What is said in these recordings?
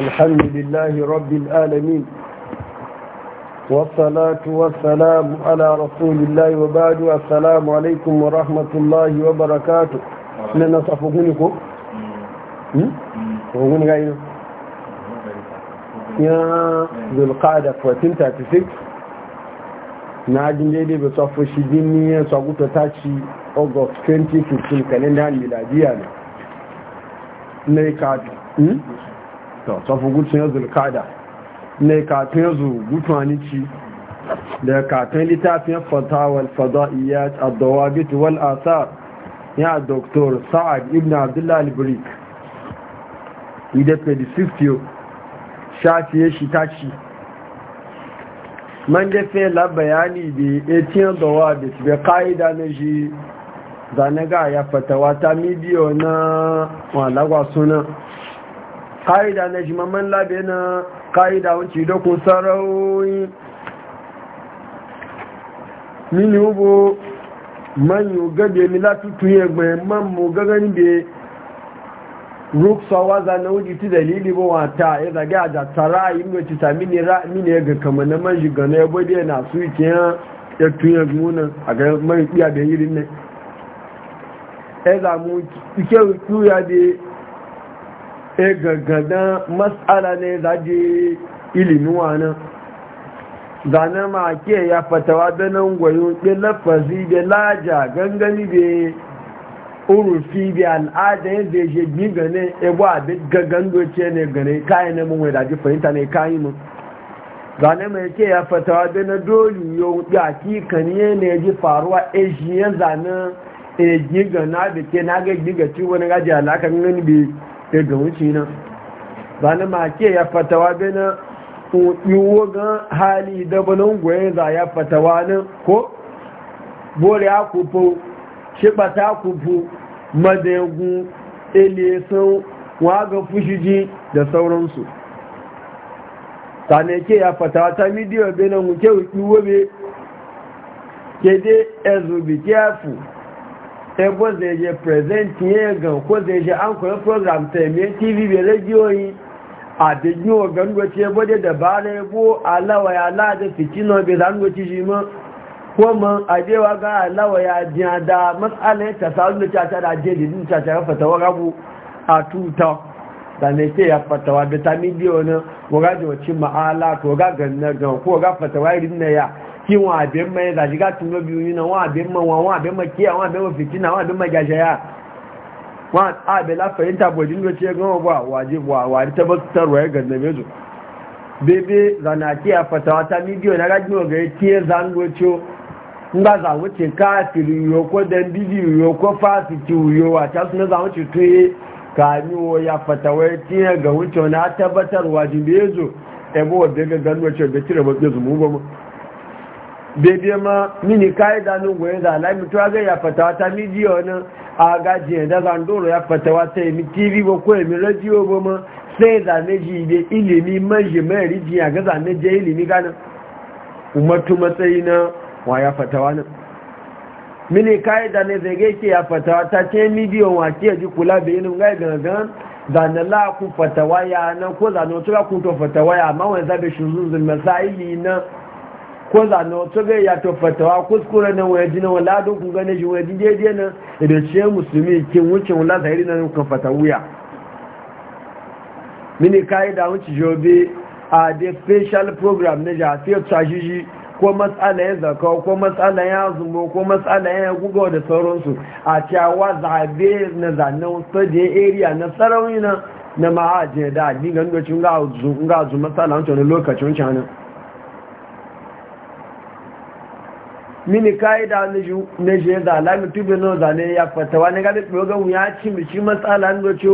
الحمد لله رب العالمين والصلاة والسلام على رسول الله وبعد السلام عليكم ورحمة الله وبركاته لنا صفقونكم وقولنا قايل يا ذو القعدة 1436 نعجم جيدي بصفو شديني صغوطة تاتشي أغسط 2015 كالندان ميلادية نيكاتو to safu gutsun yanzu kada ne katon yanzu gutun ci da katon littafin fatawar fada'iyyat addawabit wal asar ya doktor sa'ad ibn abdullah al-brik idan shafi ya shi ta ci man da fela bayani da etiyan dawa da su bai ka'ida na shi zane ga ya fatawa ta midiyo na walagwa suna kaida na jimaman labe na kaida wanci da kun sarauyi mini ubu man yi gabe mi latutu ya gbe man mu gagani be ruksa waza na wuji ti dalili ba wata ya e zage a jattara yi mai mini ya ga kama na man shiga na ya e bude na su ke ya e tun ya gmunan a ga man iya da yiri ne ya zamu ike ya da e gaggadan matsala ne zaje ilinuwa nan zane ma ke ya fatawa benin gwayon ɗin lafazi da laja gangani da urufi da al'ada yadda ya je gbi gane ebo abin gaggan doce ne gane kayan na mawai daji fahimta ne kayan mu zane ma ke ya fatawa benin doli yau ya kikan yi na ya ji faruwa ejiyen zane e gbi gana na ke na ga giga ci wani na gaji alaka ngani. daga wuce nan ba na make ya fatawa bai na hali dabanin goye za ya fatawa nan ko bori ya kufu shibata kufu madayagun eliyasan waga fushiji da sauransu ne ke ya fatawa ta midiyar bai na muke ke dai ezubi kefu ebo zai je present ne ga ko zai je an koyi program ta mai tv bai rajiyoyi a bigin ogan gwace ebo da dabara ebo alawa ya lada fitino bai zan gwace shi ma ko man wa ga alawa ya jiya da matsala ya tasa wani caca da ajiye da din caca ya fatawa wa a tuta da ne ke ya wa fatawa vitamin d wani wagajewa cin ma'ala ko ga na ga ko ga fata fatawa irin na ya kí wọn àbẹ́ mọ́ ẹ̀dà ṣíká tún lóbi oyún náà wọ́n àbẹ́ mọ́ wọn wọ́n àbẹ́ mọ́ kí àwọn àbẹ́ mọ́ fìtínà wọ́n àbẹ́ mọ́ jàṣẹ́yà wọ́n àbẹ́ láfẹ̀yìn tàbọ̀ ìdí lóṣẹ́ ẹgbẹ́ wọn bọ́ àwàdí àwàdí tẹ́bọ́ tẹ́rọ ẹ̀ gẹ̀dẹ̀ ya fàtàwọ́ tí ẹ gàwọ́tì ọ̀nà àtẹ́bọ́tàrọ̀ wájú méjò ẹ̀bọ́ ọ̀dẹ́gẹ̀gẹ̀ lóṣó ẹ̀bẹ̀ tí bebe ma mini da nu goyi da alayi mutuwa zai ya fatawa ta mijiyo na a gajiyar da zandoro ya fatawa ta yi tv ba ko yi radiyo bo ma sai zane ji da ilimi manji mai rijiya ga zane je ilimi ganin umartu matsayi na wa ya fatawa nan mini kai da ne zai gaike ya fatawa ta ce mijiyo wa ke ji kula bai yin gai gangan na la ku fatawa ya na ko zane wasu ku to fatawa ya ma wani zabe shi zuzun masaili na ko zane wato ga ya to fatawa kuskure na waya jina wala don kun gane shi waya daidai na da shi musulmi kin wuce wala zahiri na kan fatawuya mini kai da wuce jobe a the special program na ja sai shi ko matsala ya zaka ko matsala ya zumo ko matsala ya gugo da sauransu a cewa zabe na zanen da area na sarauni na na ma'ajin da ni ganin ga cin ga zu matsala wancan lokacin wancan mini ka'ida na shi da alamun tubin na zane ya fatawa ne gada ɗogon ya ci mishi matsala na ce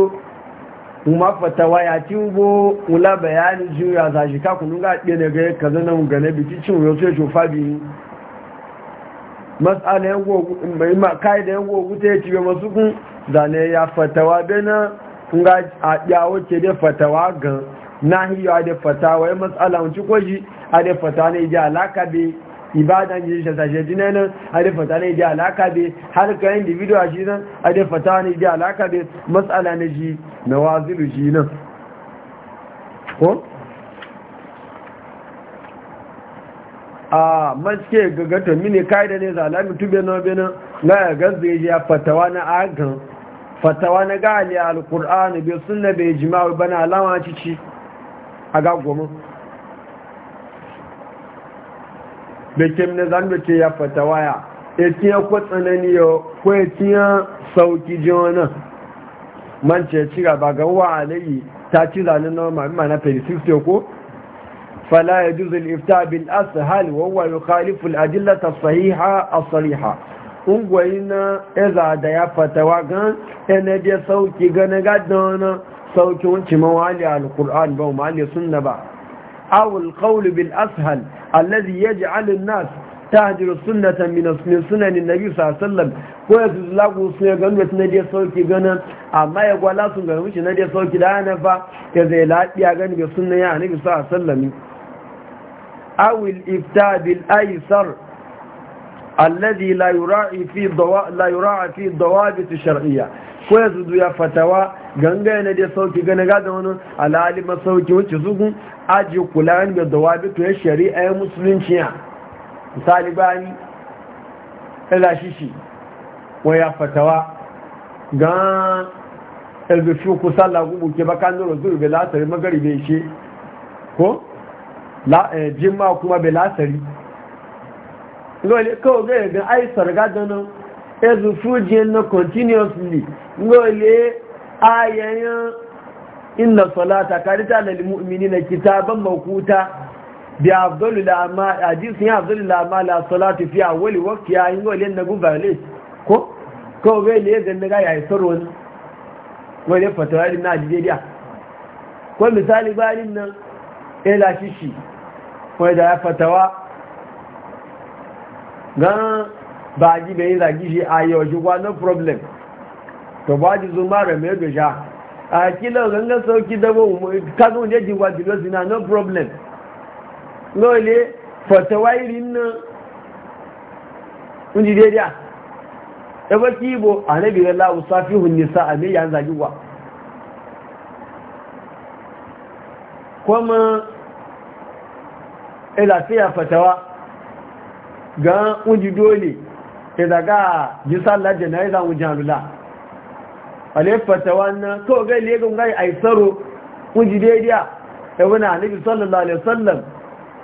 ma fatawa ya ci ugbo wula bayani ji ya ka kunu ga ɗe na gaya ka zana gane biki cin wasu ya shofa biyu matsala ya e e gogu ta ya ci ga masu kun zane ya fatawa bena nga a yawo wuce da fatawa gan na hiyar da fatawa ya e matsala wuce kwaji a da fatawa ne ji alaka bi. ibada ne da dina nan ade fata ne ji alaka be har ka individual shi nan ade fata ne ji alaka be mas'ala ne ji wazilu shi nan ko a maske to mini kaida ne zalami tube na bena na ya gaza ya fatawa na agan fatawa na gali alkur'ani bi sunna bai jima'u bana alama cici a goma. da kem na zan ce ya fata waya ya e tiya ko tsanani yo ko ya e tiya sauki jona man ce ci gaba ga wa alayi ta ci zanin na mana ko fala ya al ifta bil ashal wa huwa yukhalifu al adillata al sahiha al sariha ungwayi na eza da ya fatawa gan ene je sauki gane gadon sauki wuce mawali al-qur'an ba mawali sunna ba أو القول بالأسهل الذي يجعل الناس تهجر سنة من سنن النبي صلى الله عليه وسلم ko ya su lagu su ya gano su na je sauki ganin amma ya gwala sun gano mishi na je sauki da ana fa ya zai lafiya gani ga sunan ya annabi sallallahu alaihi wasallam awil ifta bil aisar alladhi la yura'i fi dawa la yura'a fi dawabit shar'iyya ko yazu ya fatawa ganga ne da sauki gane ga da wani alali masauki wuce zugu aji kula da dawabit ya shari'a ya musulunci ya misali bani ila shishi wa ya fatawa ga elbifu ku sallah gubu ke bakan nuru zuru be lasari magaribe shi ko la jimma kuma be lasari ngoli ko ga ga ai sarga dano ezu fuji no continuously ngole ayayan inna salata karita lil mu'minina kitaban mawquta bi afdalu lama hadisi ya afdalu lama la salati fi awwali waqtiha ngoli na gubale ko ko ge le ga ga yayi e sarwan ngole fatawari na jidiya ko misali bayin nan e ila shishi ko da fatawa gan baji ji bai zagi shi a yau shi no problem to ba ji zuma da mai dusha a kila gangan sauki dabo kaga wunje ji wadi lo zina no problem no le fatawa irin na unji dai da e ba kibo annabi la usafihu nisa a mai yan zagi e wa kuma ila fiya fatawa ga unji dole ke daga ji sallar jana'iza a halula alifata wannan to ga legun gai aisaro unji daidai ya wani annabi sallallahu alaihi wasallam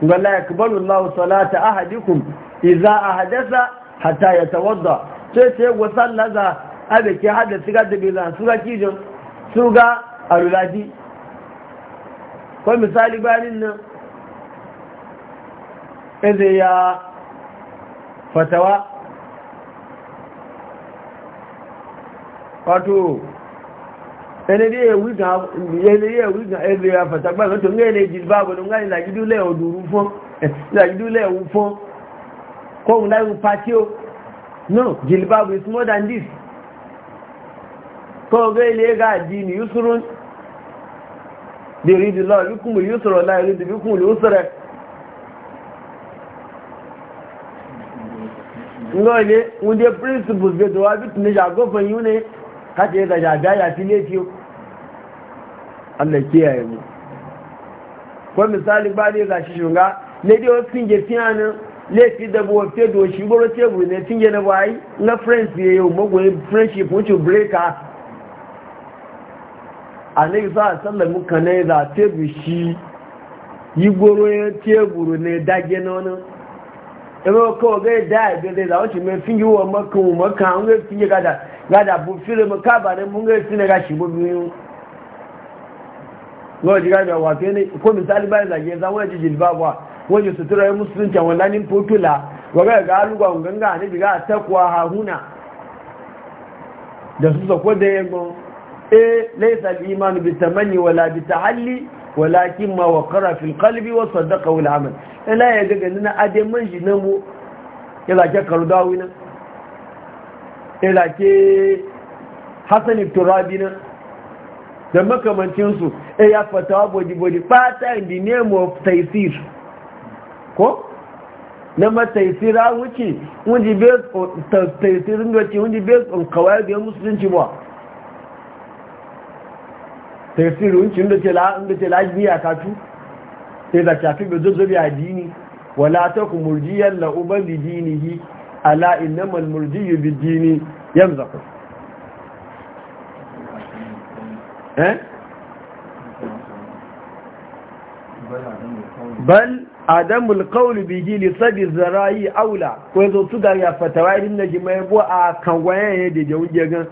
ga la yakbalu Allahu salata a hadikun iza a hadasa hata ya tawadda ce ce go sallaza a da ke hada su siga da bilan suga kijin suga aluladi ko misali bayanin nan ya fatawa wato ẹnẹ́dẹ́ ẹ̀wí gan ẹgbẹ̀ àfàtàgbà lọ́tọ̀ ní ẹ̀lẹ́ ìjìlbà bọ̀ nígbà ìlàjídúlẹ̀ òdúrú fún ìlàjídúlẹ̀ ẹ̀wú fún kọ́hùn láìwú pàtí ó no jìlbà is more than this kọ́ọ̀gẹ́ ilé ẹgá àdí ni yusrun dèrè ìdìlọ́ yúkùnmù yusrọ̀ láìrí ngole wunde principles be dawa bit ne jago fan yune kaje da jaga ya file fiyo Allah ya e, mu ko misali ba ne ga shi shunga ne dai wasu kinje fiyanin laifi da bo fe do shi goro ne tinje na bai na friends ye yo mo go friendship wuce breaker annabi sa sallallahu alaihi wasallam kana da shi yi goro e, tebur ne dage nono ẹ̀rọ kọ́ ọ̀gẹ́ dá ìgbẹ́lẹ̀ làwọn ti mẹ́ fi yíò ọmọ kan ọmọ kan àwọn ọ̀gẹ́ fi yé gada gada bó fílẹ̀ mọ́ káàbà ní mú ọ̀gẹ́ sílẹ̀ ká ṣìgbó bí yín. wọ́n ti gáàdì ọ̀wà kí ní sutura wọ́n ti jìlì wà Da walakin ma waqara fil qalbi wa saddaqa wal amal ila ya ga ganin ade man shi nan mu ila ke dawi nan ila ke hasan nan da makamancin su eh ya fatawa bodi bodi fata in the name of taysir ko na mataisira wuce wunji based on taisirin wuce wunji based on kawai da musulunci ba tafsirin cin da ce lajiya katu sai da shafi bai zazzabi a dini wala ta ku murjiyar la'uban da dinihi ala innamal murjiyu bi dini yanzu ku eh? bal adamul qawli bihi li sabi zara'i aula ko yanzu su da ya fatawa irin na jima'i bo a kan wayan da jawun jegan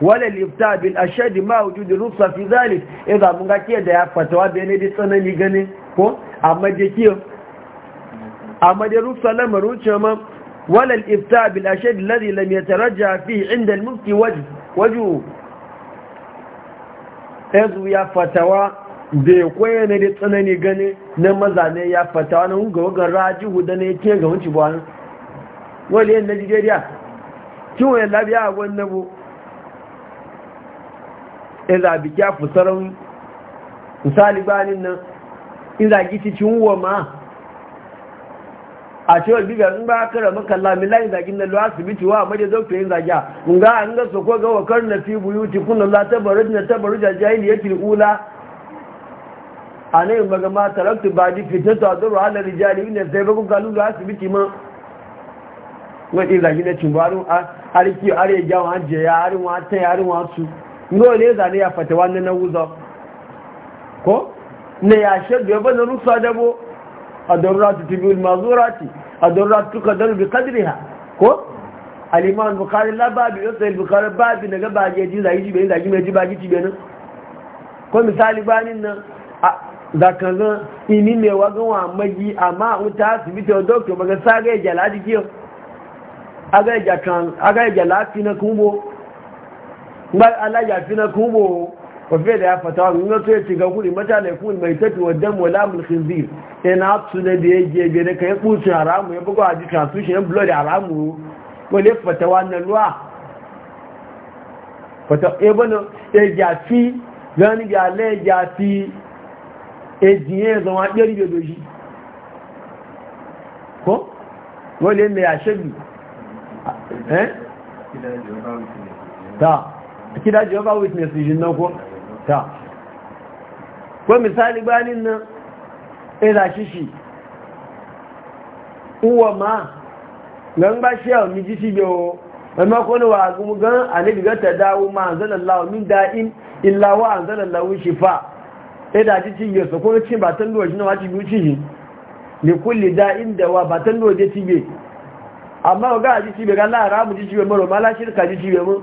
wale lifta bil ashadi ma wujudi rusa fi zalik idan mun ga ke da ya fata da ne da tsanani gane ko amma je ke amma je rusa lamarin maruce ma wale lifta bil ashadi alladhi lam yataraja fi inda al mufti wajh wajhu yanzu ya fatawa da ya koya ne da tsanani gane na mazane ya fatawa na hunga wagan rajihu da ne ke ga wuce ba wani wale yan najeriya kiwon labiya a bu? iza bikiya fusarin misali banin nan iza ci huwa ma a wani bibiyar in ba kara makalla milayin zagin na luwa asibiti wa amma maje zauta yin zagiya in ga an ga soko ga wakar na fi buyuti kuna la tabaru na tabaru da jahili ya tilula a na yin magama taraktu ba di fitar ta zuru halar rijali ne sai bakon kalu su asibiti ma wani zagi na cimbarin a harki are gyawa ajiye ya harin wa ta yarin wasu ne zane ya fata wani na wuzo ko ne ya shaddu ya bane rusa da dabo a daruratu tibiul mazurati a daruratu kadar bi kadriha ko aliman bukari lababi yau sai bukari babi na gaba ya ji zai ji bai zai mai jiba gici benin ko misali banin nan zakaga ini ne wa gawa magi amma wuta su wa doktor maga sa ga ya jala jikin aga ya jala fi na kumbo bal Allah ya fi na kubo wafe da ya fata wani na ya ci ga kuri mata da kuma mai tafi wa dan wala mul khinzir ina su ne da yake be da kai kuci haramu ya buga a jika su shi da haramu wale fata wannan ruwa fata e bano e ya fi gani ga le ya fi e diye zama dari da doji ko Wani ne ya shabi eh ta kida jehovah witness jin nan ko ta ko misali banin nan ila eh, shishi uwa ma nan ba shi yau miji shi biyo amma ko ne wa gumu gan anabi ga ta dawo ma anzalallahu min da'in illa wa anzalallahu shifa eh, da ci cinye su ko cin ba tan doji na waci biyu ci ne kulli da'in da wa ba tan doji ci be amma ga ji ci be ga la ramu ji ci be ma mala shirka ji ci be mu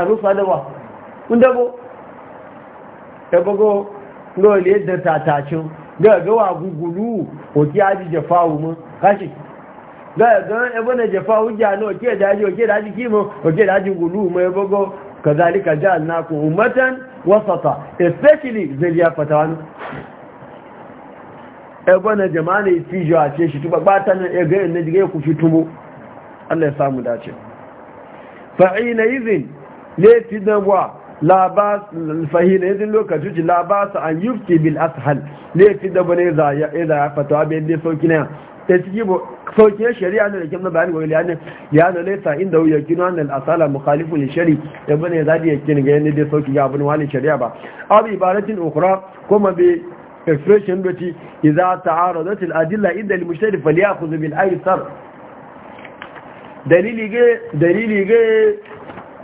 àrùn fàdọ́wà ń dẹ́gbó ẹgbogbo lóòlì èdè tàtàṣí gẹ́gẹ́wà gúgùlù òkí àjíjẹ fáwù mọ́ káṣì gẹ́gẹ́ ẹgbọ́n ẹjẹ fáwù mọ́ òkí ẹ̀dájú ẹgbọ́n na ne a ce shi tuba na e e jigai e ku samu dace fa'ina izin laifi dan wa labas fahila yadda lokaci ci labasa an yufti bil ashal laifi da bane za ya fata abin da sauki na ta ciki sauƙin shari'a ne da kim na bayani wani yanin ya na laisa inda ya kino annal asala mukhalifu li shari da bane za ya kin ga yadda da sauki ga abin wani shari'a ba abu ibaratin ukhra kuma bi expression doti idza ta'aradat al adilla inda al mushtari falyakhudh bil aysar dalili ga dalili ga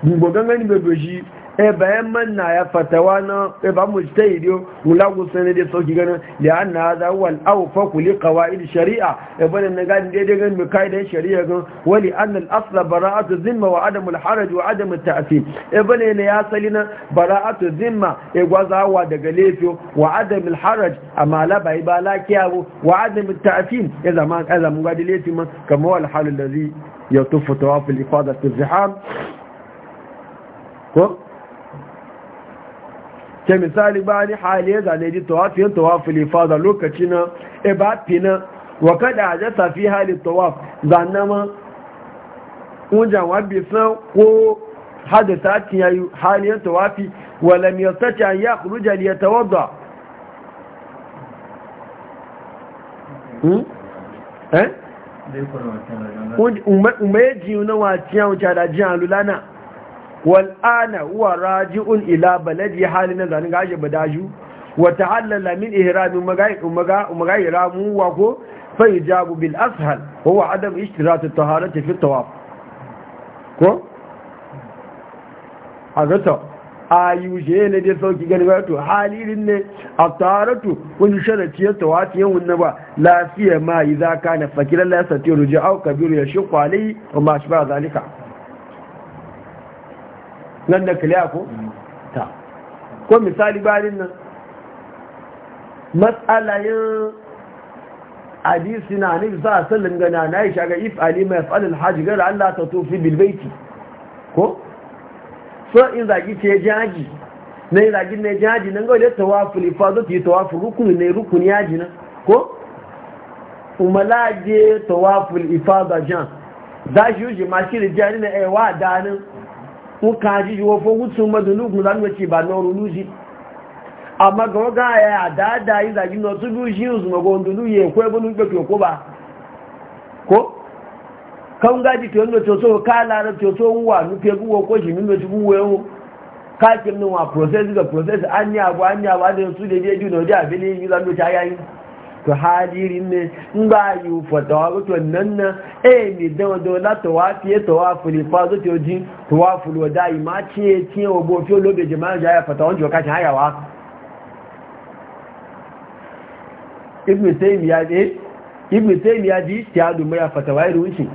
gbogbo gangan bai doshi e bayan e manna ya fatawa na e ba mu ta idiyo da sauki ganin da an na za wal au fa kuli qawaid shari'a e da na daidai ganin mu kaidan shari'a gan wali an al asla bara'atu zimma wa adamul haraj wa adamu ta'sim e bane ya sali na bara'atu zimma e gwazawa daga lefiyo wa adamul haraj amma la bai ba lakiya kiyabu wa adamu ta'sim e zaman kaza e mun ga lefi man kamar wal halul ladhi yatufu tawaf al ifadatu ziham ko ke misali ba ni hali ya zane ji tawafi yin tawafi lokaci na e ba fina wa kada a jasa fi hali tawaf zane ma wujan wabi san ko hadasa yi hali ya tawafi wala mai sace an ya kuru jali ya tawadda hmm? eh? umeji na wa tiyan wuce da jiyan wal'ana huwa raji'un ila balaji hali na zanin gashi daju wata ta'allala min ihramin magayi ramu wako fai jabu bil ashal wa wa adam ishtiratu tahara tafi tawaf ko a gata ayu je yana da sauki gani ba to halilin ne a taharatu kun sharati ya tawafi yan wunna ba lafiya ma yi idza kana fakiran la yastatiru ja'u kabiru shi kwalai wa ma ba zalika nan da kiliya ko ta ko misali bayanin nan matsalayin hadisi na ne za a sallin gana na yi shaga if ali mai falin hajji gara Allah ta tofi bilbaiti ko so in zagi ce jaji na yi zagi ne jaji nan gawai da tawafi lifazo ta yi tawafi rukuni ne rukuni yaji nan ko umalaje tawafi lifazo jan za shi yi shi da jani na ewa eh, danin nwoke ajiji ofe wutu mmadụ n'ugwu na nwechi ba n'ọrụ n'uzi amaga oge ahịa ada ada ịzagi n'ọtụtụ uji uzumago ndụlu ya ekwe ebe n'ukpepi okwụba ko kan gaji ke wanda toto ka lara toto nwa nufe guwa ko shi nuna cikin wuyan kakin ka process ga nwa an yi abu an yi abu an yi su da eji na wajen abin yi zan nuta yayin to hajirin ne in ba yi fatawa wato nan na eh mi dan do la to wa fiye to fa zo to ji to wa fulu da yi ma ci ci o bo fi lobe jama'a ja ya fatawa jo ka ci hayawa ibn taymiya de ibn taymiya di ti adu mai fatawa iru shi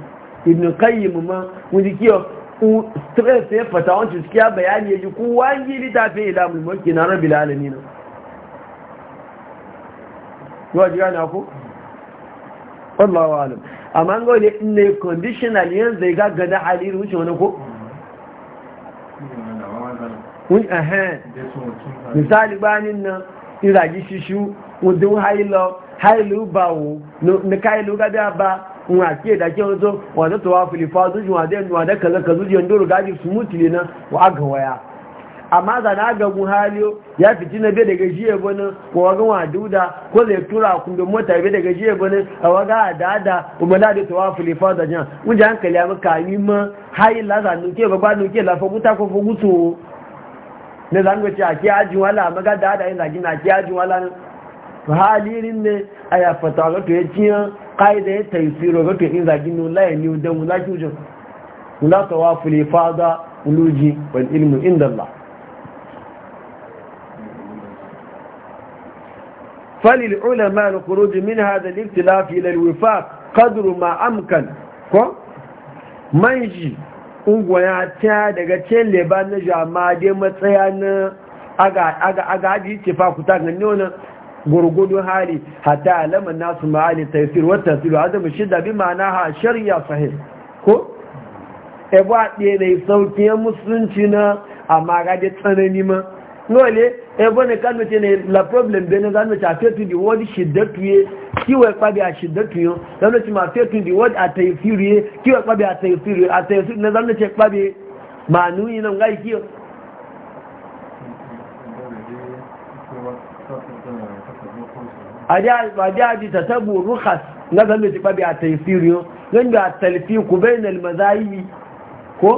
ibn qayyim ma wuri kiyo stress ya fatawa ci kiya bayani ya ji ku wani litafi ila mulki na rabbil na. yau ji na ku? Allah wa alam amma ga wani ne conditional yin zai gaggada halin wuce wani ko? wọ́n ẹ̀hẹ́n misali bá nínú ìràjí ṣíṣú ọdún haílọ haílù bá wọ́n ní káílù gábí wọn àti ìdájẹ́ ọdún wọ́n tó wá fìlìfà ọdún wọ́n amma zana ga buhaliyo ya fiti na bai daga jiya bane ko wagan waduda ko zai tura kun da mota bai daga jiya bane a waga dada kuma na da tawafu le fa da jan mun ji hankali amma yi ma hayi laza za nu ba baba nu ke la fa buta ko fi to ne zan ga ci a ki ajin wala maga dada yin zagina a ki ajin wala halirin ne a ya fata ga to ya ciya kaida ya ta yi tsiro gato yin zagin la ya ni da mu la ki ujun kula tawafu le fa da uluji wani ilmu inda Allah فللعلماء الخروج من هذا الاختلاف إلى الوفاق قدر ما أمكن manji ungoya ta daga cikin leban na da matsaya na agaji ce fakuta ga nuna gurgudun hali hata alaman nasu ma'ali taifir wata tasiru adamu shida bi ma'ana ha shari'a sahih ko? ebe a ɗaya na yi sauƙiyar musulunci na amma gaji tsanani ma lóòlé ẹgbọ́n ní kánútí ní la problem bẹni kánútí àfẹ́tù di a ṣìdẹ́tùyé kíwẹ̀ pàbí àṣìdẹ́tùyán kánútí ma fẹ́tù di wọ́dí àtẹ̀yẹ̀fìrìyé kíwẹ̀ pàbí àtẹ̀yẹ̀fìrìyé àtẹ̀yẹ̀fìrìyé ní kánútí pàbí màánú yìí náà ngáyìí kíyọ. àdé àdé tàtàbù rúkàs ní kánútí pàbí ko.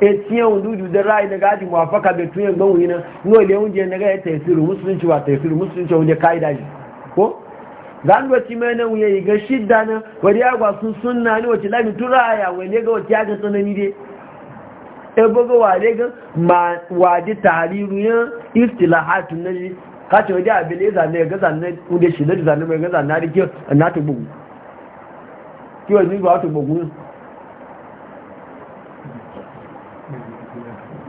etiyan wudu da rai daga adi muwafaka da tuyen gan wuyina no ile wunje na ga ya tafsiru musulunci ba tafsiru musulunci wunje kaida shi ko zan do ci na wuye ga shidda na wari agwa sun sunna ni wace lami turaya wale ga wace aga tsanani dai e bogo wa ga ma waji tahriru ya istilahatun naji ka ce waje abin ya zane ga zane wunde shi da zane mai ga zane na rike na tubu kiwa ni ba tubu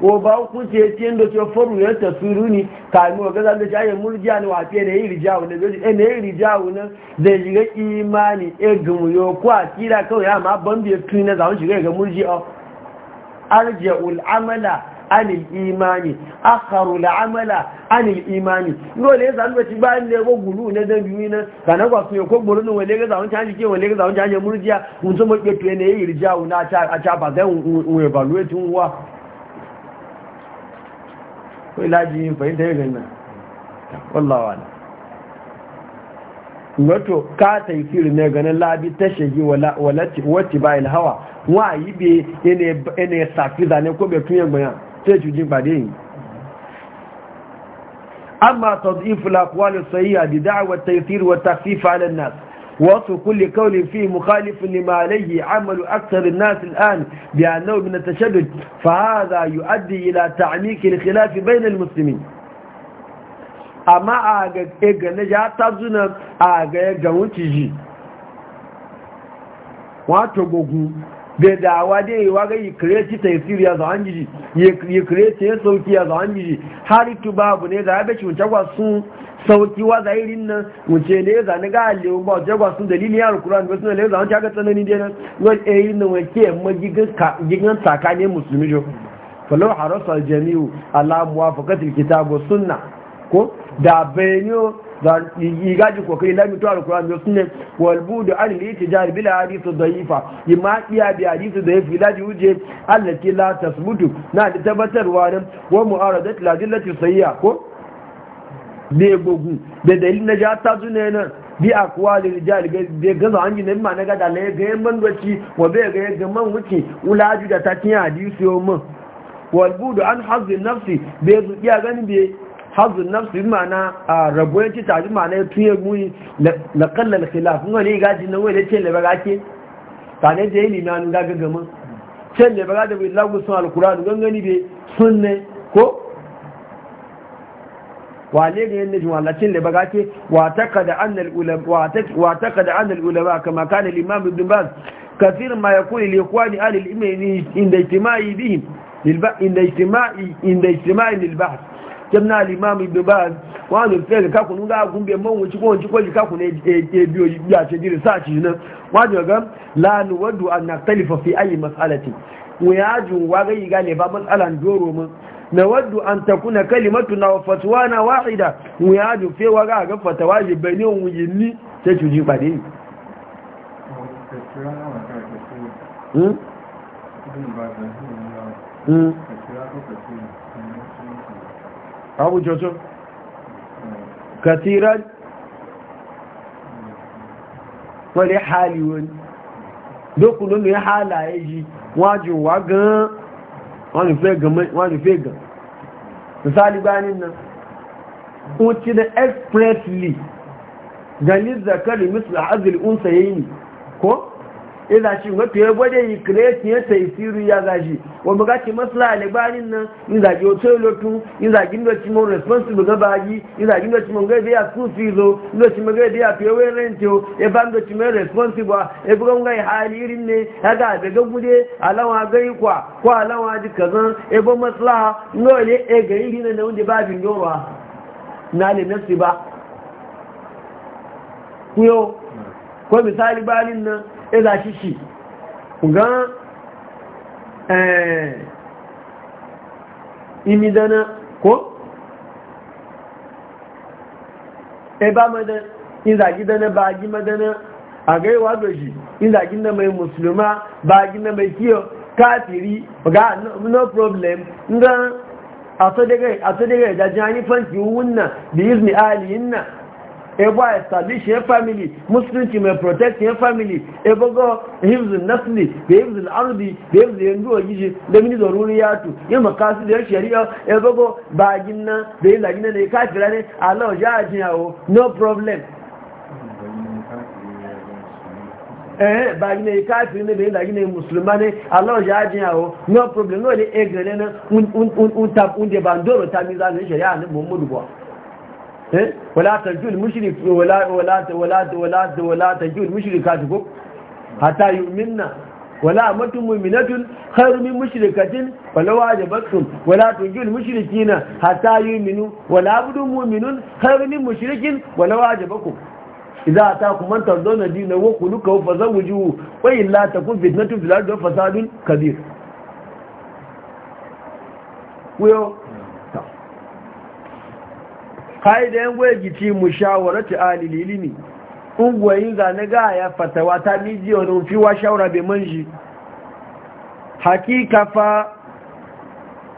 ko ba ku ce tiyan da ce faru ya tasiru ni kanu ga zan da jaye murjiya ne wa fiye da yi rijawu ne zai ne yi rijawu ne zai shiga imani e gumuyo ko a tira kawai ya ma ban biya tuni na zamu shiga ga murjiya arja'ul amala anil imani akharu la'amala anil imani ngo le zan ba ci ba ne go gulu ne dan biyu ne kana kwa su ko gulu ne wale ga zamu ta ke wale ga zamu ta murjiya mun so mu ke tuye ne yi rijawu na ta a ta ba zan we evaluate wa ko ilaji yin fahimta ya gani wallawa ne wato ka ta yi firin ne ganin labi ta shigi wacce ba ilhawa wa yi be yana ya safi zane ko bai tunye gbanya yi cujin ba dai amma ta zai fi lafuwa da sayi a yi firin wa tafifa alin nasu وصف كل قول فيه مخالف لما عليه عمل أكثر الناس الآن بأنه من التشدد فهذا يؤدي إلى تعميك الخلاف بين المسلمين أما a ga gane ya ta zuna a ga ya ga wuce ji wato dawa da wa ga yi kireci ta yi ya za an yi kireci ya sauki ya za an har ki babu ne da ya bai cimce kwa sun sauki wa zahirin nan wuce ne ya zane ga alewun ba wajen gwasun dalilin yawon kuran wasu ne ya zane aka tsanani dai nan wani ɗayin nan wake yamma gigin tsakani musulmi jo falon harasar aljami'u alamuwa muwafaqatul kitab wa sunna ko da bayaniyo igaji kokari lami to alquran da sunne wal budu an li tijar bil hadith dhaifa imma iya bi hadith dhaif ilaji uje allati la tasbutu na da wa mu'aradat la dillati sayya ko da gogu da dalil na ja ta zune nan bi a kuwa da rijal da gaza hanji na ma na gada na ya yan bandoci wa bai ga ga gaman wuce ulaju da ta tiya hadisi yo mun wal budu an hazu nafsi bai a gani bai hazu nafsi ma na a rabuwar ci ma na ya tuye muyi na kallar khilaf kuma ne gaji na wani da ce da baga ke ta ne da ya ilimi an gaga gaman ce da baga da bai lagu sun da gangani bai sun ne ko wane ne yin nufin wallacin da baga ce wa ta kada an al'ulaba kama kana al-imam ibn kafin ma ya kuri lekuwa ahli alil inda ijtima'i bihim inda ijtima'i inda ijtima'i lil jamna gumbe ko biyo ya ce nan an fi ayi mas'alati wa yajun wa ba mas'alan doro mun nawaddu an takuna kalimatuna wa fatwana wahida mu ya ju wa ga fatawa ji bani mu yinni ta cuji abu jojo wani hali wani dokunan ne halaye ji wajin wa gan wani ti gan misali bayanin nan ó da expressly ganin zakari misali azil unsa yayi ko ila shi wato ya gwade yi kireti ya taisiru ya gashi wa mu gaci masala alibanin nan in zagi otu lotu in zagi ndo ci mon responsible ga bagi in zagi ndo ci mon ga biya su fi zo ndo ci mon ga biya fiye wen rente o e ba ndo ci mon responsible e buga nga yi hali irin ne ya ga da ga gude alawa gai kwa ko alawa di kazan e ba masala ndo ne e ga yi ne na wanda ba bin yorwa na le nasi ba kuyo ko misali balin nan ẹ̀dà ṣíṣì ǹgán ìmìdánná kó ẹbá mọ́dán ìzàgídánná bá ají àgẹ́wà gbèjì ìzàgídánná mai musulma bá agídánná mai kíyọ káàkiri ọ̀gá no problem ǹgán àtọ́dẹ́gẹ̀ ìdájá ní fọ́nkì wúnnà bí ìzmì ààlì ebo a establish ya family musulunci mai protect ya family ebo go hibzin nasli da hibzin ardi da hibzin yanzu a gishi da mini zaruri ya tu yin makasu da shari'a ebo go bagin nan da yin zagin nan da ya ne allah ya ajin yawo no problem ẹ̀hẹ́ báyìí ní káàkiri níbi ìlàgí ní musulman ní aláwọ̀ṣẹ́ ajíyàwó no problem náà ní ẹgbẹ̀rẹ̀ náà ń tàbí ìdẹ̀bà ń dọ̀rọ̀ tàbí ìzànà ìṣẹ̀yà ní mọ̀mọ́dùbọ̀ Eh? wala jul mushrik wala wala wala wala wala tajul mushrikatu ko hatta yu'minna wala matu mu'minatun khairu min mushrikatin wala ajabatkum wala jul mushrikina hatta yu'minu wala budu mu'minun khairu min mushrikin wala ajabakum idza ataakum man tardawna dina wa khuluquhu fazawwijuhu wa illa takun fitnatun fil ardi fasadun kabir wayo fa'ida yan goya gici mu shawarati ne. ilimi ungoyin zane ga ya fatawa ta miji wani fi wa shawara bai manji hakika fa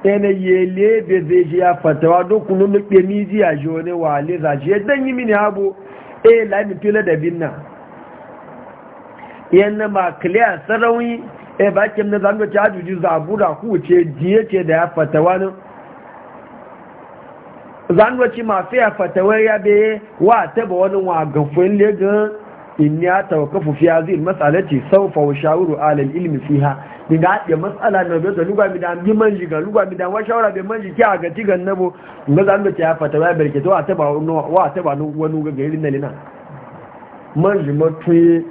ene yele be zai ya fatawa dokunu nukpe miji a jone wa le zaje dan yi mini abu e la mi da binna na ma kliya sarawi e ba kem na zango ta ajuju zabura ku ce diye ce da ya fatawa nan zanwaci masu ya fatawar ya beye wa taba wani wagafin legan in ya tawakafu fiya zai matsala ce sau fawo shawuru alal ilmi fiha daga haɗe matsala na bai da lugwa mi da bi manji ga lugwa mi da wa shawara bi manji ki a ga ti gan nabo ga zanwaci ya fatawa ya berke to wa taba wani wani ga gairin na lina manji matuye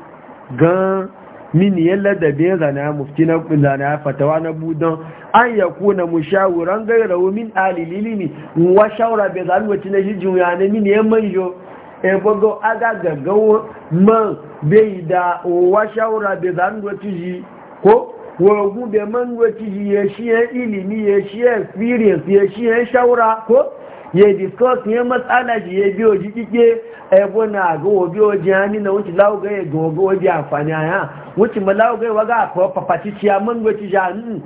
gan min yalla da bai zana mufti na zana fatawa na budan an ya kuna mushawaran gairawo min alilili ne wa shawara bai zan wacce na hijin ya na min yan manjo e gogo aga gaggawo man bai da wa shawara bai zan wacce ji ko wogun bai man wacce ji ya shi ya ilimi ya shi ya experience ya shi ya shawara ko ya discuss ya matsala shi ya biyo ji kike ebo na ga biyo ji ani na wuce lawo ga ga wo ji amfani aya wuce ma lawo ga wa ga ko papati ci amman go ci ja n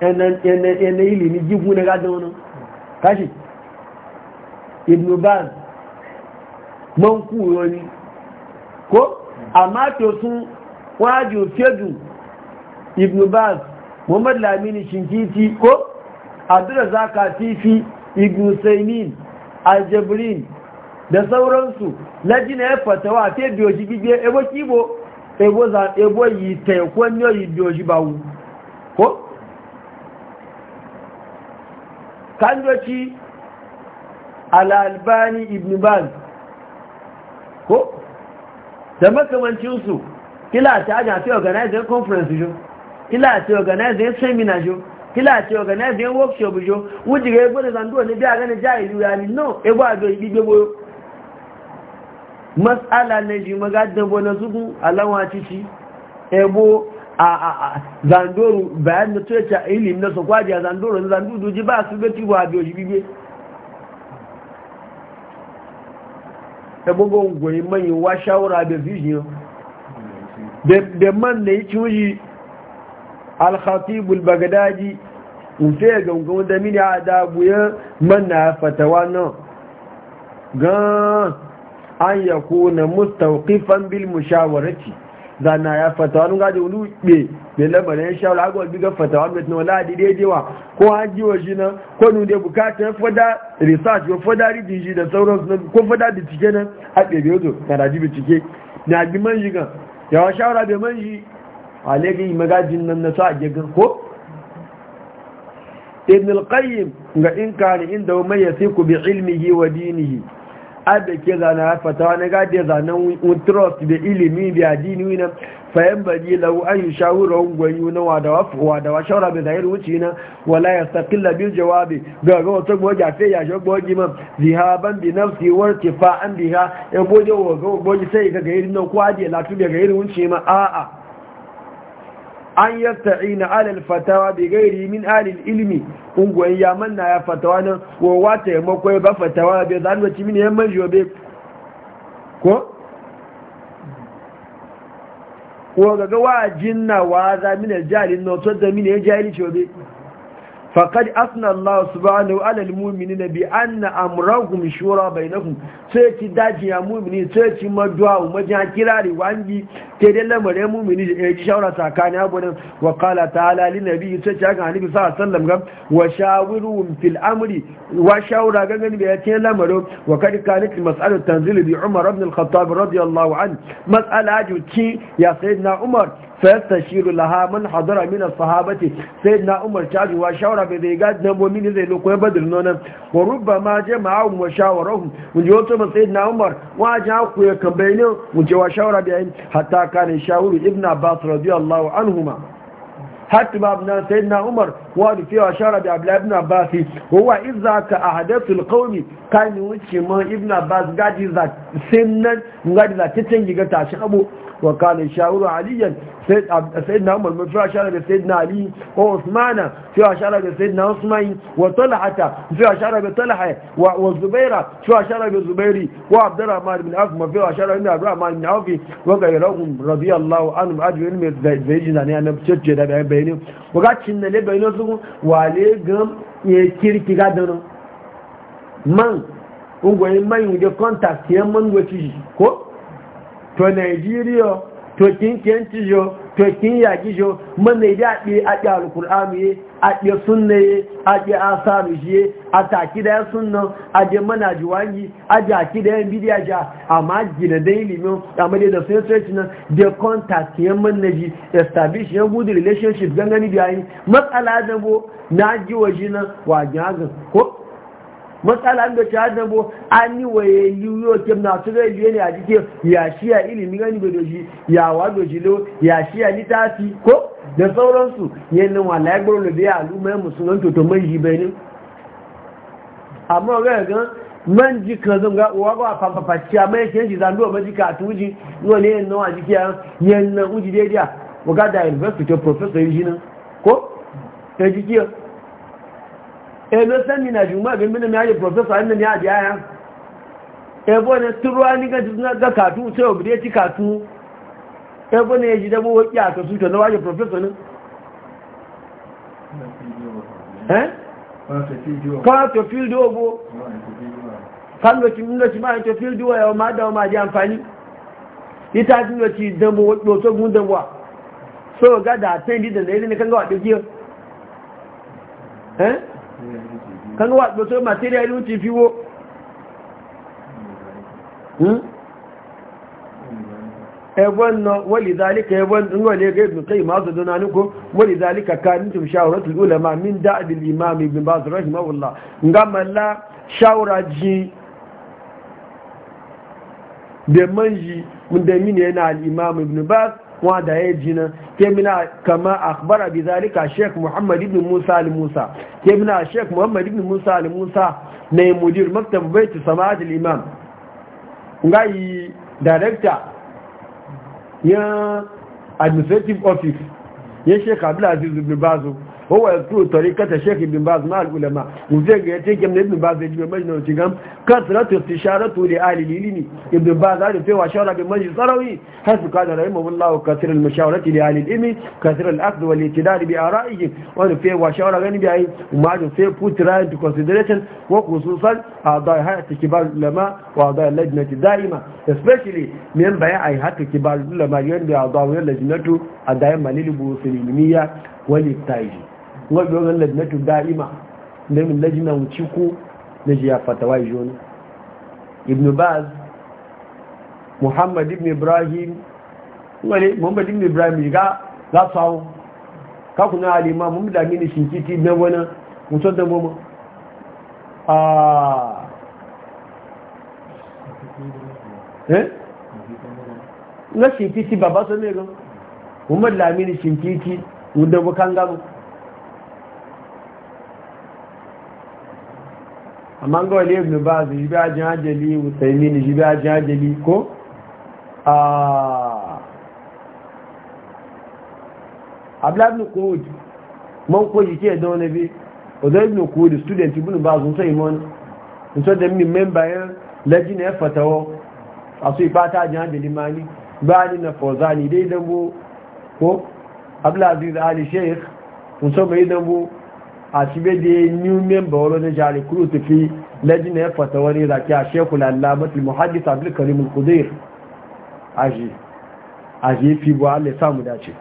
en en en ilimi jibu na ga dono kashi ibnu baz man ku yoni ko amma to sun waju fedu ibnu baz muhammad lamini shinkiti ko abdurrazaka tifi ibn saimin aljabrin da sauransu na lajina ya fatawa te biyoji gbigbe ebo kibo ebo za ebo yi taikon yoyi biyoji bawu ko? kandoci al'albani ibn ban ko? da makamancinsu kila ta ajiya ta organizing conference jo kila ta organizing seminar jo kila ti organize yin workshop jo ge gbe san zanduwa ni bi a gane ja ilu ya ni no do ibi gbe boyo masala ne ji magadan bo na zugu alawa titi bo a zandoro bayan da tuyaca ilim na sokwaji a zandoro na zandu ji ba su ti wa ajo igbigbe go goyi manyan wa shawara da vision de man ne ti cin yi al-khatib al-baghdadi nfe gangan da mini a dabuyan mana fatawa wannan gan an ya kuna mustaukifan bil mushawarati na ya fatawa nun gaji wani ɓe da lamarin ya ga agwa bigar fatawa mai tunawa daidai daidaiwa ko haji wa shi nan ko nune bukata ya fada research ko fada ridin shi da sauransu ko fada cike nan a ɗebe yato na raji cike na bi man shi gan yawa shawara bai man shi a lagos magajin nan na sa a gegan ko ibn al-qayyim ga in kare inda mai yasiku bi ilmihi wa dinihi abe ke zana fatawa na gadi zana trust da ilimi da addini wina fayan bari lau an yi shawuran gwayo na wadawa da wa shawara bai zahiri wuce na wala ya sakilla bil jawabi ga ga wata gbogi a fiye yashe gbogi ma zihaban bi nafsi war tifa an biha ya e gbogi wa gbogi sai ga irin nan." gairi na kwaje latu da gairi wuce ma a'a an ina alal fatawa bi gairi min alil ilmi ungoyin ya manna ya fatawa nan wa wata ya makwai ba fatawa bai zan wace mini ya manjo bai ko ko ga ga wa jinna wa za min aljalin no to da mini ya jahili ce bai faƙad asna Allah subhanahu alal mu'minina bi anna amrahum shura bainahum sai ci daji ya mu'mini sai ci madu'a majiya kirari wangi ke dai lamarin mu'mini da ji shaura tsakanin abunan wa qala ta'ala lin nabi sai ci ga annabi sallallahu alaihi wasallam gam wa shawiruhum fil amri wa shawara gangan da yake lamarin wa kani kanat mas'alatu tanzilu bi Umar ibn al-Khattab radiyallahu an mas'ala ji ya sayyidina Umar fastashiru laha man hadara min as-sahabati sayyidina umar ta juwa shawara bai zai ga dan mu'min zai lo koyi badr nonan wa rubbama jama'ahum wa shawarahum mun ji wato sayyidina umar wa ja ku ya kambayne mun ji wa shawara bai hatta kana shawuru ibn abbas radiyallahu anhuma hatta babna sayyidina umar wa da cewa shawara bai abdullah ibn abbas huwa idza ka ahadathu al-qawm kan wuce ma ibn abbas gadi za sinnan gadi za ta tangi ga tashi abu wa kana shawuru aliyan sayyidina umar mun fi ashara ga sayyidina ali wa usmana fi ashara ga sayyidina usman wa talhata fi ashara ga talha wa zubaira fi ashara ga zubairi wa abdurrahman bin auf ma fi ashara ga abdurrahman bin auf wa gairahum radiyallahu anhum ajma'in min zayyina ne annabi cece da bayani wa ga cin ne bayani su wale gam ye kirki man, dano man ungwayin mai wuje contact yan man wace ko to nigeria to kin kinkiyanci jo to kin kinyaki jo man ne da bi a ɗi alkur'anu ye a ɗi sunna ye a ɗi asaru ye a ki da sunna a ɗi mana juwangi a ɗi ki da yan bidiya ja amma gina da ilimin amma dai da sai sai nan da contact ya man ne ji establish ya good relationship gangani biyayi matsala da bo na ji waje nan wa gina ko matsala da ta da bo an yi wa yiwuyo kim na su zai biye ne a jike ya shiya ilimi gani bai doji ya wa doji lo ya shiya litafi ko da sauransu yannan wala ya gboro da ya al'umma yan musulman to to man ji bai ne amma ga ga man ji ka zan ga uwa ga fafafaciya mai shi yanzu zan duwa majika a tuji yau ne yannan wa jike yannan uji daidai wa ga da university professor yi shi nan ko ta jikiyar ebe sami na juma bin bin ya yi professor annan ya biya ya ebe ne turuwa ni ga ga katu sai obide ci katu ebe ne ji da bo ya ka su to na waje professor ne eh ka to field obo kan lo ti mun ti ma to field wa ya ma da ma ji amfani ita ji lo ti dan bo do to gun dan wa so ga da tan di da ne kan ga wa dijiyo eh kan wà tó material ló ti fi wó na wali zalika ẹgbọ́n in wale ga ibn kai masu duna nuku wali zalika ka nitum shawaratul ulama min da'adil imam ibn baz rahimahullah nga malla shawara ji da manji mun da mini yana al imam ibn baz wada ya jina kemina kama akhbara bi zalika sheikh muhammad ibn musa al musa kemina sheikh muhammad ibn musa al musa ne mudir maktab bait sama'at al imam ngai director ya administrative office ya sheikh abdul aziz ibn bazu هو يذكر طريقة الشيخ بن باز مع العلماء وزيغ يتيك من ابن باز يجب المجنة وتقام كثرة استشارته لآل الإليني ابن باز عارف فيه وشارة بمجلس صروي حسب قال رحمه الله كثير المشاورة لآل الإمي كثير الأخذ والإتدار بآرائهم وأنه فيه وشارة غني بأي وما عجب فيه put right into consideration وخصوصا أعضاء هيئة كبار العلماء وأعضاء اللجنة الدائمة especially من بيع هيئة كبار العلماء ينبي أعضاء اللجنة الدائمة للبوصل العلمية والإبتاجي wọ́n bí wọ́n lẹ́dínlẹ́tù dáìmà lẹ́yìn lẹ́jìnà òtí kú jiya fatawa ìjọ́nà ibn baz muhammad ibn ibrahim wani muhammad ibn ibrahim ga lásàwọ́ kakùnà alìmá muhammad amini shinkiti na wani mutum da goma a ah. eh? na shinkiti babasa ne gan muhammad lamini shinkiti wadda bukan gaba amma ga wale ibn baz shi ba jin ajali usaimin shi ba jin ajali ko a abla ibn man mon ko yike da wani bi ozo ibn qud student ibn baz sun sai mon sun so da mi member yan lajina ya fatawo asu ipata jin ajali mani ba ni na fozani dai dambo ko abla aziz ali sheikh sun so mai dambo àti bẹ́ẹ̀dẹ̀ new member olóníjà recruit fi lẹ́jìnà ẹ̀fọ̀tẹ̀ wọn ní ìràkí àṣẹ́kùnlá aláàmọ́tì mohamed abdulkarim kudir àṣì fi bọ́ alẹ́ sàmúdáṣe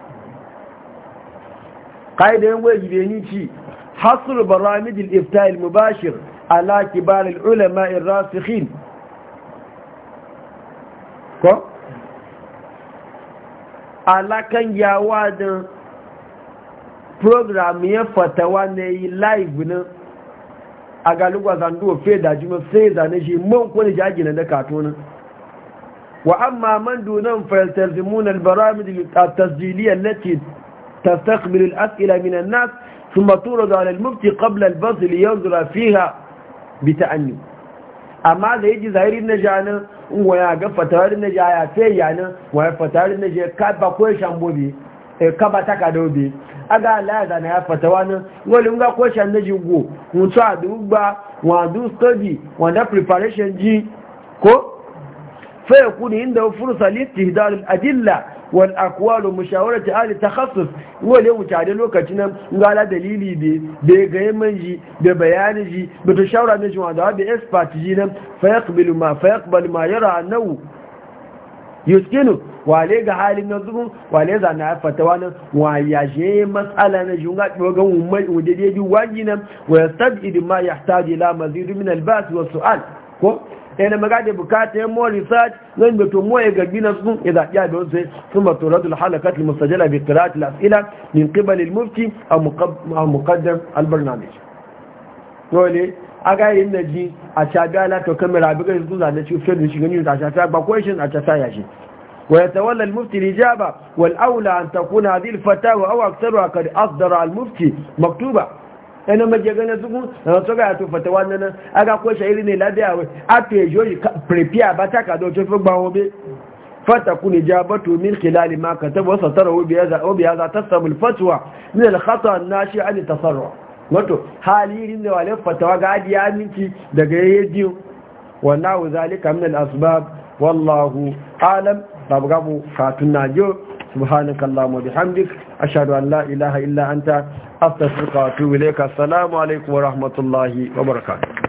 ƙa'idar yin wáyé da yìí ci hasuru baramidil iftail mubashir alaki ulama irasikin ko alakan yawa don program ya fatawa na yi live nan a galuwa zanduwa fe da jima sai zane shi man kwani jagi na katonan wa amma man dunan fayastalzimun albaramid at-tasjiliyya allati تستقبل الأسئلة من الناس ثم تورد على المفتي قبل البث لينظر فيها بتأني amma da yaji zahirin na ja nan in waya ga fatawar na ja ya fe ya nan waya fatawar na ja ka ba ko shambobi E, kaba ta ka dobe aga alaza na ya fata wani wani nga kwesha na jingo mutu adugba wadu study wanda preparation ji ko fayo kuni inda furusa liti hidalin adilla wani mu shawarar ta hali ta khasus wani wuta da lokaci na ngala dalili be da ya gaye man ji da bayani ji da ta shawara na jima da wabi expert ji na fayakbalu ma yara nau yuskinu wale ga halin yanzu mun wale za na fata wani wa je matsala na shi ga ga umai udede bi waji nan wa idin ma ya yahtaji la mazid min albasu wa su'al ko na magade bukata yan more research zan da to ya gabi na sun ya zaɓi a don sai sun ba to radul halakat musajala bi qira'at al as'ila min qibal al mufti aw muqaddam al barnamij dole a yin da ji a cabi ala to kamar bi ga sun zane ci fiye da shi gani a chaga ba ko a chaga ya shi ويتولى المفتي الإجابة والأولى أن تكون هذه الفتاوى أو أكثرها قد أصدر المفتي مكتوبة ẹnu mẹjẹgẹ ní ṣúgbọ́n ẹ̀rọ tó gáyà tó fẹ̀tẹ̀wà nínú agakọ́ ṣàírí ní ìlàdí àwẹ̀ àti èjò pèrèpí àbátákàdọ̀ tó fẹ́ gba wọn bí fatakun ijabatu min khilal ma kataba wa satara wa biyaza wa biyaza tasabu alfatwa min alkhata an-nashi an tasarru wato halirin da walin fatawa ga adi aminci daga yayin biyu wa na'u zalika min al-asbab wallahu alam babu gabu katun na jo subhanaka allahumma bihamdik ashhadu an la ilaha illa anta astaghfiruka wa atubu ilayka assalamu alaikum wa rahmatullahi wa barakatuh